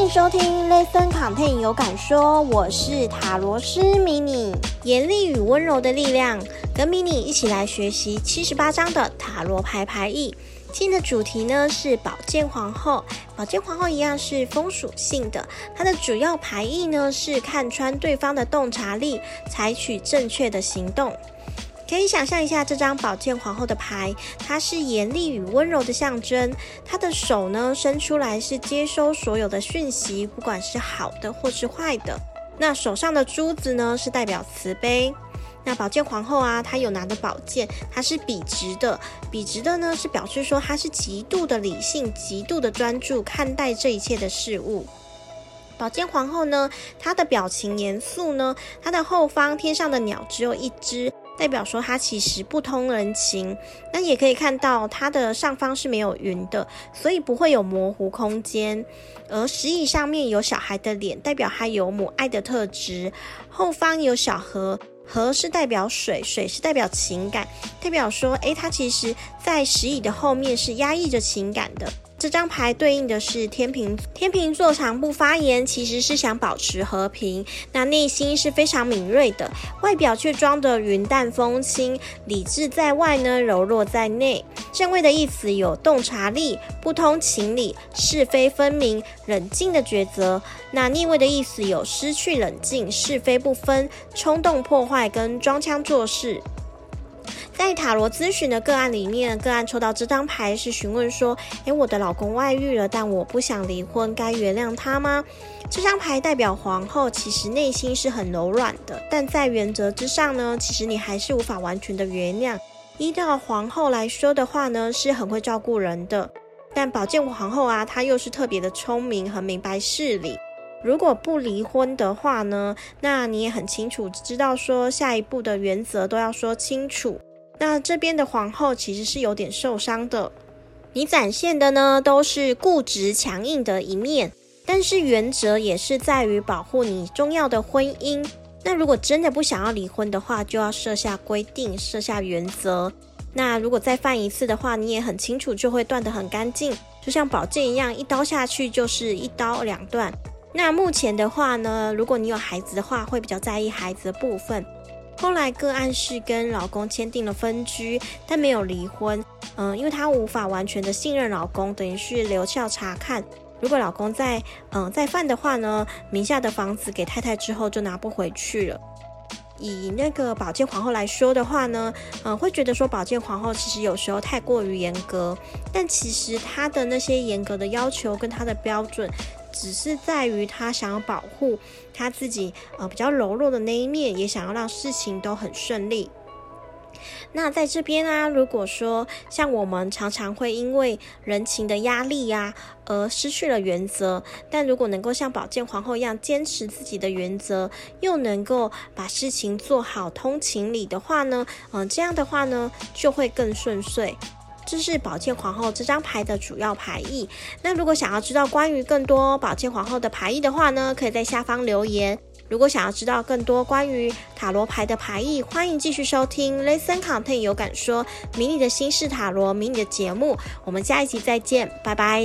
歡迎收聽《ListenContent 有感說》，我是塔羅師迷你，嚴厲與溫柔的力量，跟迷你一起來學習七十八張的塔羅牌牌意。今天的主題呢是寶劍皇後，寶劍皇後一樣是風屬性的，它的主要牌意呢是看穿對方的洞察力，採取正確的行動。可以想象一下這張寶劍皇後的牌，它是嚴厲與溫柔的象徵。她的手呢伸出來是接收所有的訊息，不管是好的或是壞的。那手上的珠子呢是代表慈悲。那寶劍皇後啊，她有拿的寶劍，它是筆直的，筆直的呢是表示說她是極度的理性、極度的專注看待這一切的事物。寶劍皇後呢，她的表情嚴肅呢，她的後方天上的鳥只有一隻。代表說它其實不通人情，那也可以看到它的上方是沒有雲的，所以不會有模糊空間。而石椅上面有小孩的臉，代表它有母愛的特質。後方有小河，河是代表水，水是代表情感，代表說，誒，它其實在石椅的後面是壓抑着情感的。這張牌對應的是天秤，天秤座常不發言，其實是想保持和平。那內心是非常敏銳的，外表卻裝得雲淡風輕，理智在外呢，柔弱在內。正位的意思有洞察力、不通情理、是非分明、冷靜的抉擇。那逆位的意思有失去冷靜、是非不分、衝動破壞跟裝腔作勢。在塔羅諮詢的個案裡面，個案抽到這張牌是詢問說：“誒、欸、我的老公外遇了，但我不想離婚，該原諒他嗎？”這張牌代表皇後，其實內心是很柔軟的，但在原則之上呢，其實你還是無法完全的原諒。依照皇後來說的話呢，是很會照顧人的，但寶劍皇後啊，她又是特別的聰明和明白事理。如果不離婚的話呢，那你也很清楚知道說下一步的原則都要說清楚。那這邊的皇後其實是有點受傷的，你展現的呢都是固執強硬的一面，但是原則也是在於保護你重要的婚姻。那如果真的不想要離婚的話，就要設下規定，設下原則。那如果再犯一次的話，你也很清楚就會斷得很乾淨，就像寶劍一樣，一刀下去就是一刀兩斷。那目前的話呢，如果你有孩子的話，會比較在意孩子的部分。後來個案是跟老公簽訂了分居，但沒有離婚。嗯，因為她無法完全的信任老公，等於是留校察看。如果老公再嗯再犯的話呢，名下的房子給太太之後就拿不回去了。以那個寶劍皇後來說的話呢，嗯，會覺得說寶劍皇後其實有時候太過於嚴格，但其實她的那些嚴格的要求跟她的標準。只是在於他想要保護他自己，呃，比較柔弱的那一面，也想要讓事情都很順利。那在這邊啊，如果說像我們常常會因為人情的壓力呀、啊，而失去了原則，但如果能夠像寶劍皇後一樣堅持自己的原則，又能夠把事情做好通情理的話呢，嗯、呃，這樣的話呢，就會更順遂。這是寶劍皇後這張牌的主要牌意。那如果想要知道關於更多寶劍皇後的牌意的話呢，可以在下方留言。如果想要知道更多關於塔羅牌的牌意，歡迎繼續收聽《Listen Content 有感說迷你的心事塔羅迷你》的節目。我們下一期再見，拜拜。